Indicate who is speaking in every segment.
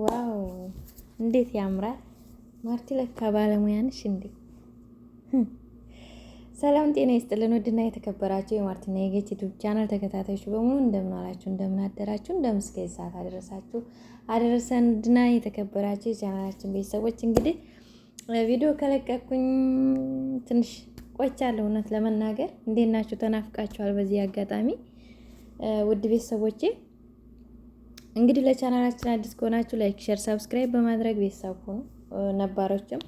Speaker 1: ዋው እንዴት ያምራል! ማርቲ ለካ ባለሙያ ነሽ እንዴ! ሰላም ጤና ይስጥልን። ውድና የተከበራቸው የማርቲና የጌች ዩቱብ ቻናል ተከታታዮች በሙሉ እንደምን ዋላችሁ፣ እንደምን አደራችሁ፣ እንደምን እስከ ሰዓት አደረሳችሁ አደረሰን። ውድና የተከበራቸው የቻናላችን ቤተሰቦች እንግዲህ ቪዲዮ ከለቀኩኝ ትንሽ ቆይቻለሁ፣ እውነት ለመናገር እንዴት ናችሁ? ተናፍቃችኋል። በዚህ አጋጣሚ ውድ ቤተሰቦቼ እንግዲህ ለቻናላችን አዲስ ከሆናችሁ ላይክ፣ ሼር፣ ሰብስክራይብ በማድረግ ቤተሰብ ሁኑ። ነባሮችም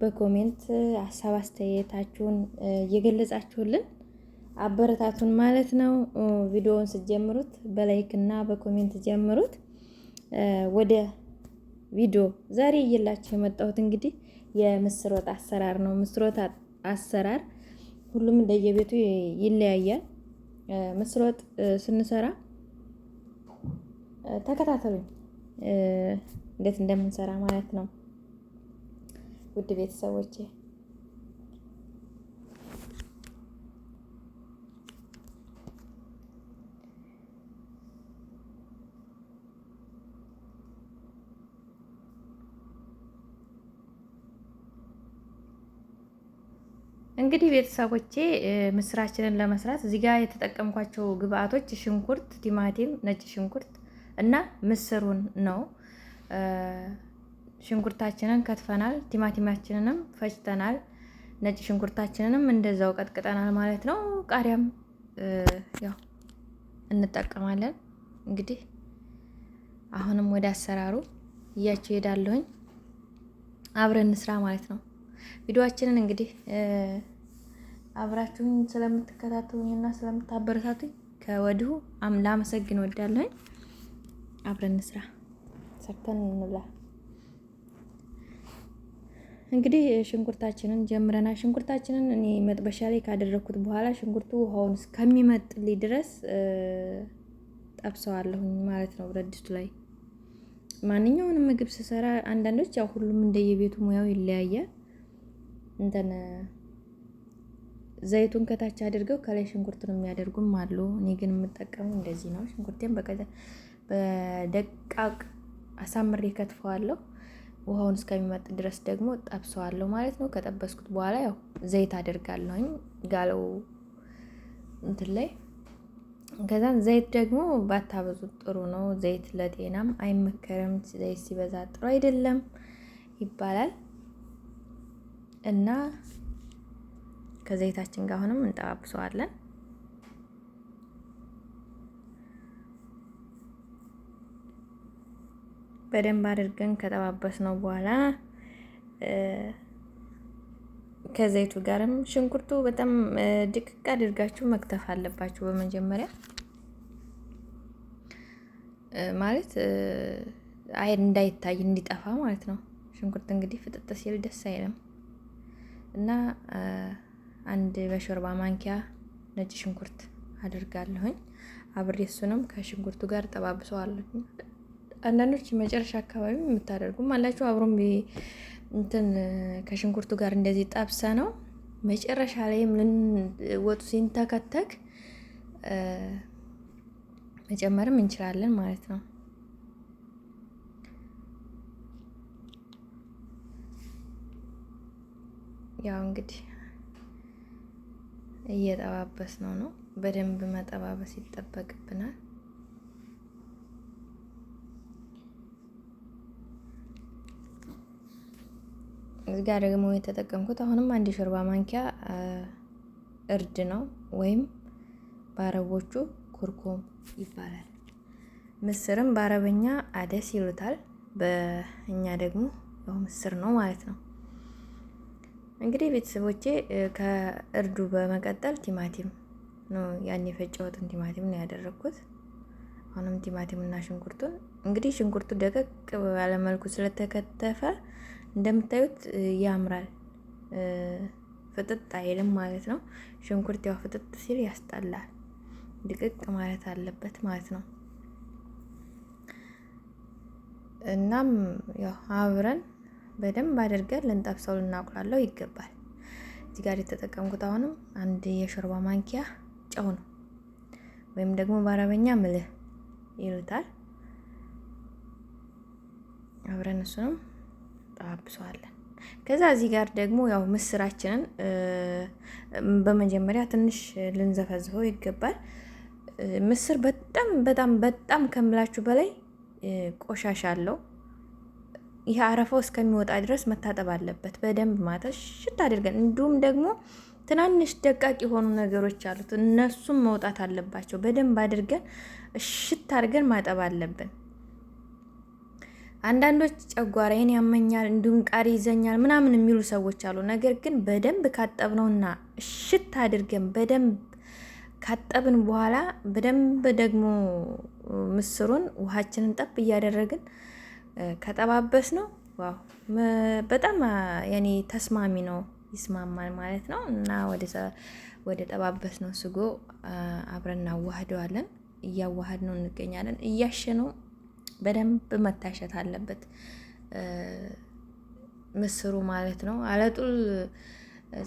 Speaker 1: በኮሜንት ሀሳብ አስተያየታችሁን እየገለጻችሁልን አበረታቱን ማለት ነው። ቪዲዮውን ስትጀምሩት በላይክ እና በኮሜንት ጀምሩት። ወደ ቪዲዮ ዛሬ እየላችሁ የመጣሁት እንግዲህ የምስር ወጥ አሰራር ነው። ምስር ወጥ አሰራር ሁሉም እንደየቤቱ ይለያያል። ምስር ወጥ ስንሰራ ተከታተሉኝ እንዴት እንደምንሰራ ማለት ነው። ውድ ቤተሰቦቼ እንግዲህ ቤተሰቦቼ ምስራችንን ለመስራት እዚህ ጋር የተጠቀምኳቸው ግብአቶች ሽንኩርት፣ ቲማቲም፣ ነጭ ሽንኩርት እና ምስሩን ነው። ሽንኩርታችንን ከትፈናል፣ ቲማቲማችንንም ፈጭተናል፣ ነጭ ሽንኩርታችንንም እንደዛው ቀጥቅጠናል ማለት ነው። ቃሪያም ያው እንጠቀማለን። እንግዲህ አሁንም ወደ አሰራሩ እያቸው ሄዳለሁኝ። አብረን እንስራ ማለት ነው። ቪዲዮአችንን እንግዲህ አብራችሁኝ ስለምትከታተሉኝና ስለምታበረታቱኝ ከወዲሁ ላመሰግን ወዳለሁኝ። አብረን እንስራ፣ ሰርተን እንብላ። እንግዲህ ሽንኩርታችንን ጀምረና ሽንኩርታችንን እኔ መጥበሻ ላይ ካደረግኩት በኋላ ሽንኩርቱ ውሃውን እስከሚመጥልኝ ድረስ ጠብሰዋለሁኝ ማለት ነው ብረት ላይ። ማንኛውንም ምግብ ስሰራ አንዳንዶች ያው ሁሉም እንደየቤቱ ሙያው ይለያያል። እንትን ዘይቱን ከታች አድርገው ከላይ ሽንኩርቱን የሚያደርጉም አሉ። እኔ ግን የምጠቀመው እንደዚህ ነው። ሽንኩርቴን በቀ በደቃቅ አሳምሬ ከትፈዋለሁ። ውሃውን እስከሚመጥ ድረስ ደግሞ ጠብሰዋለሁ ማለት ነው። ከጠበስኩት በኋላ ያው ዘይት አደርጋለሁኝ ጋለው እንትን ላይ ከዛን ዘይት ደግሞ ባታበዙት ጥሩ ነው። ዘይት ለጤናም አይመከርም። ዘይት ሲበዛ ጥሩ አይደለም ይባላል እና ከዘይታችን ጋር አሁንም እንጠባብሰዋለን። በደንብ አድርገን ከጠባበስ ነው በኋላ ከዘይቱ ጋርም ሽንኩርቱ በጣም ድቅቅ አድርጋችሁ መክተፍ አለባችሁ። በመጀመሪያ ማለት አይ እንዳይታይ እንዲጠፋ ማለት ነው። ሽንኩርት እንግዲህ ፍጥጥ ሲል ደስ አይልም እና አንድ በሾርባ ማንኪያ ነጭ ሽንኩርት አድርጋለሁኝ። አብሬ እሱንም ከሽንኩርቱ ጋር ጠባብሰዋለሁኝ። አንዳንዶች መጨረሻ አካባቢ የምታደርጉም አላችሁ። አብሮም እንትን ከሽንኩርቱ ጋር እንደዚህ ጣብሰ ነው መጨረሻ ላይም ወጡ ሲንተከተክ መጨመርም እንችላለን ማለት ነው። ያው እንግዲህ እየጠባበስ ነው ነው በደንብ መጠባበስ ይጠበቅብናል። እዚህ ጋር ደግሞ የተጠቀምኩት አሁንም አንድ የሾርባ ማንኪያ እርድ ነው ወይም በአረቦቹ ኩርኩም ይባላል። ምስርም በአረበኛ አደስ ይሉታል፣ በእኛ ደግሞ ያው ምስር ነው ማለት ነው። እንግዲህ ቤተሰቦቼ ከእርዱ በመቀጠል ቲማቲም ነው ያን የፈጨሁትን ቲማቲም ነው ያደረግኩት። አሁንም ቲማቲም እና ሽንኩርቱን እንግዲህ ሽንኩርቱ ደቀቅ ባለመልኩ ስለተከተፈ እንደምታዩት ያምራል። ፍጥጥ አይልም ማለት ነው። ሽንኩርት ያው ፍጥጥ ሲል ያስጠላል። ድቅቅ ማለት አለበት ማለት ነው። እናም ያው አብረን በደንብ አድርገን ልንጠብሰው ልናቁላለው ይገባል። እዚህ ጋር የተጠቀምኩት አሁንም አንድ የሾርባ ማንኪያ ጨው ነው፣ ወይም ደግሞ በአረበኛ ምልህ ይሉታል። አብረን እሱንም እንጠባብሰዋለን። ከዛ እዚህ ጋር ደግሞ ያው ምስራችንን በመጀመሪያ ትንሽ ልንዘፈዝፈው ይገባል። ምስር በጣም በጣም በጣም ከምላችሁ በላይ ቆሻሻ አለው። ይህ አረፋው እስከሚወጣ ድረስ መታጠብ አለበት በደንብ ማጠብ ሽት አድርገን። እንዲሁም ደግሞ ትናንሽ ደቃቅ የሆኑ ነገሮች አሉት፣ እነሱም መውጣት አለባቸው። በደንብ አድርገን እሽት አድርገን ማጠብ አለብን። አንዳንዶች ጨጓራዬን ያመኛል እንዲሁም ቃሪ ይዘኛል ምናምን የሚሉ ሰዎች አሉ። ነገር ግን በደንብ ካጠብነውና እሽት አድርገን በደንብ ካጠብን በኋላ በደንብ ደግሞ ምስሩን ውሃችንን ጠብ እያደረግን ከጠባበስ ነው ዋው በጣም ያኔ ተስማሚ ነው፣ ይስማማል ማለት ነው። እና ወደ ጠባበስ ነው ስጎ አብረን እናዋህደዋለን። እያዋህድ ነው እንገኛለን እያሸ ነው በደንብ መታሸት አለበት ምስሩ ማለት ነው። አለጡል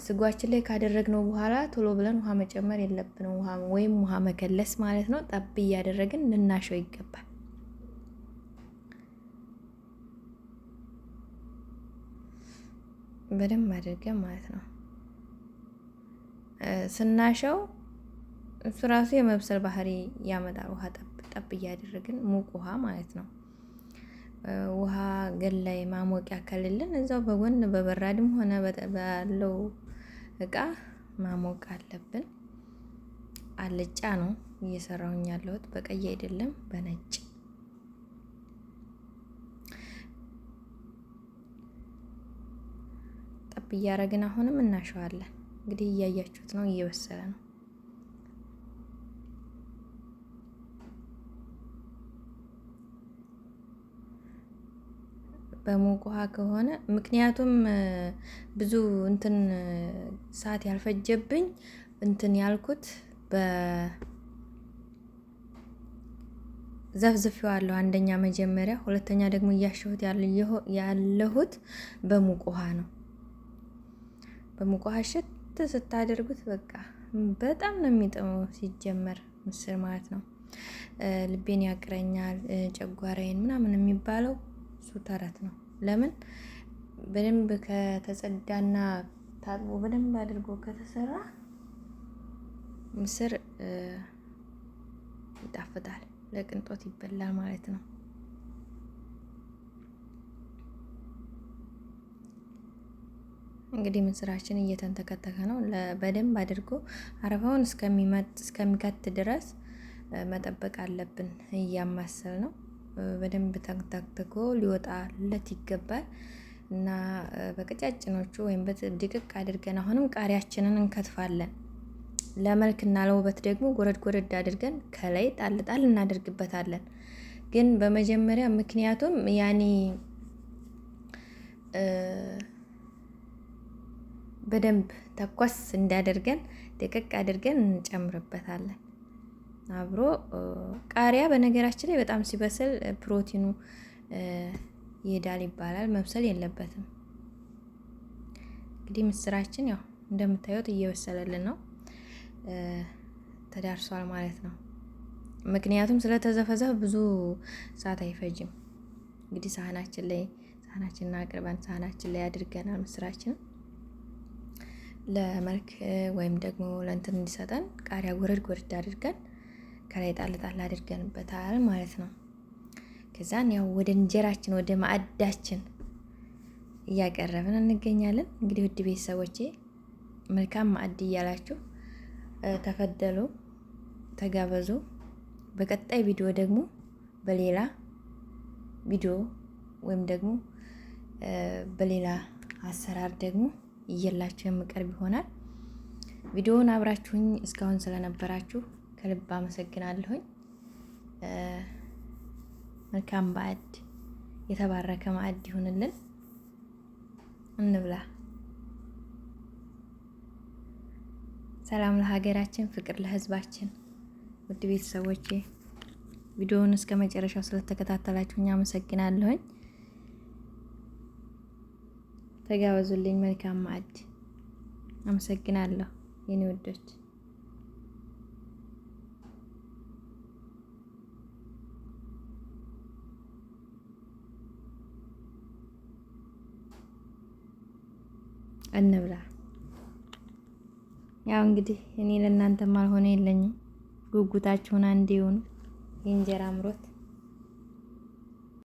Speaker 1: ስጓችን ላይ ካደረግነው በኋላ ቶሎ ብለን ውሃ መጨመር የለብንም ወይም ውሃ መከለስ ማለት ነው። ጠብ እያደረግን ልናሸው ይገባል። በደንብ አድርገን ማለት ነው። ስናሸው እሱ ራሱ የመብሰል ባህሪ ያመጣል ውሃ ጠብ ጠብ እያደረግን ሙቅ ውሃ ማለት ነው። ውሃ ገል ላይ ማሞቂያ ያከልልን እዛው በጎን በበራድም ሆነ ባለው እቃ ማሞቅ አለብን። አልጫ ነው እየሰራሁኝ ያለሁት በቀይ አይደለም በነጭ። ጠብ እያደረግን አሁንም እናሸዋለን። እንግዲህ እያያችሁት ነው፣ እየበሰለ ነው። በሞቅ ውሃ ከሆነ ምክንያቱም ብዙ እንትን ሰዓት ያልፈጀብኝ እንትን ያልኩት በ ዘፍዝፌዋለሁ። አንደኛ መጀመሪያ፣ ሁለተኛ ደግሞ እያሸሁት ያለሁት በሙቅ ውሃ ነው። በሙቅ ውሃ ሽት ስታደርጉት በቃ በጣም ነው የሚጥመው። ሲጀመር ምስር ማለት ነው ልቤን ያቅረኛል፣ ጨጓራዬን ምናምን የሚባለው እሱ ተረት ነው። ለምን በደንብ ከተጸዳና ታጥቦ በደንብ አድርጎ ከተሰራ ምስር ይጣፍጣል፣ ለቅንጦት ይበላል ማለት ነው። እንግዲህ ምስራችን እየተንተከተከ ነው። በደንብ አድርጎ አረፋውን እስከሚመጥ እስከሚከት ድረስ መጠበቅ አለብን እያማሰል ነው በደንብ ተግታግቶ ሊወጣለት ይገባል እና በቀጫጭኖቹ ወይም ድቅቅ አድርገን አሁንም ቃሪያችንን እንከትፋለን። ለመልክና ለውበት ደግሞ ጎረድ ጎረድ አድርገን ከላይ ጣል ጣል እናደርግበታለን። ግን በመጀመሪያ ምክንያቱም ያኔ በደንብ ተኳስ እንዳደርገን ደቀቅ አድርገን እንጨምርበታለን። አብሮ ቃሪያ በነገራችን ላይ በጣም ሲበስል ፕሮቲኑ ይሄዳል ይባላል። መብሰል የለበትም። እንግዲህ ምስራችን ያው እንደምታዩት እየበሰለልን ነው፣ ተዳርሷል ማለት ነው። ምክንያቱም ስለተዘፈዘፈ ብዙ ሰዓት አይፈጅም። እንግዲህ ሳህናችን ላይ ሳህናችንን አቅርበን ሳህናችን ላይ አድርገናል። ምስራችን ለመልክ ወይም ደግሞ ለእንትን እንዲሰጠን ቃሪያ ጎረድ ጎረድ አድርገን ከላይ ጣል ጣል አድርገንበታል ማለት ነው። ከዛን ያው ወደ እንጀራችን ወደ ማዕዳችን እያቀረብን እንገኛለን። እንግዲህ ውድ ቤተሰቦቼ መልካም ማዕድ እያላችሁ ተፈደሉ፣ ተጋበዙ። በቀጣይ ቪዲዮ ደግሞ በሌላ ቪዲዮ ወይም ደግሞ በሌላ አሰራር ደግሞ እየላችሁ የምቀርብ ይሆናል። ቪዲዮውን አብራችሁኝ እስካሁን ስለነበራችሁ ከልብ አመሰግናለሁኝ። መልካም ማዕድ፣ የተባረከ ማዕድ ይሁንልን። እንብላ። ሰላም ለሀገራችን፣ ፍቅር ለህዝባችን ውድ ቤተሰቦቼ ቪዲዮውን እስከ መጨረሻው ስለተከታተላችሁኝ አመሰግናለሁኝ። ተጋበዙልኝ። መልካም ማዕድ። አመሰግናለሁ የኔ ውዶች። እንብላ። ያው እንግዲህ እኔ ለእናንተ ማልሆነ የለኝም። ጉጉታችሁን አንዴ ይሁን የእንጀራ አምሮት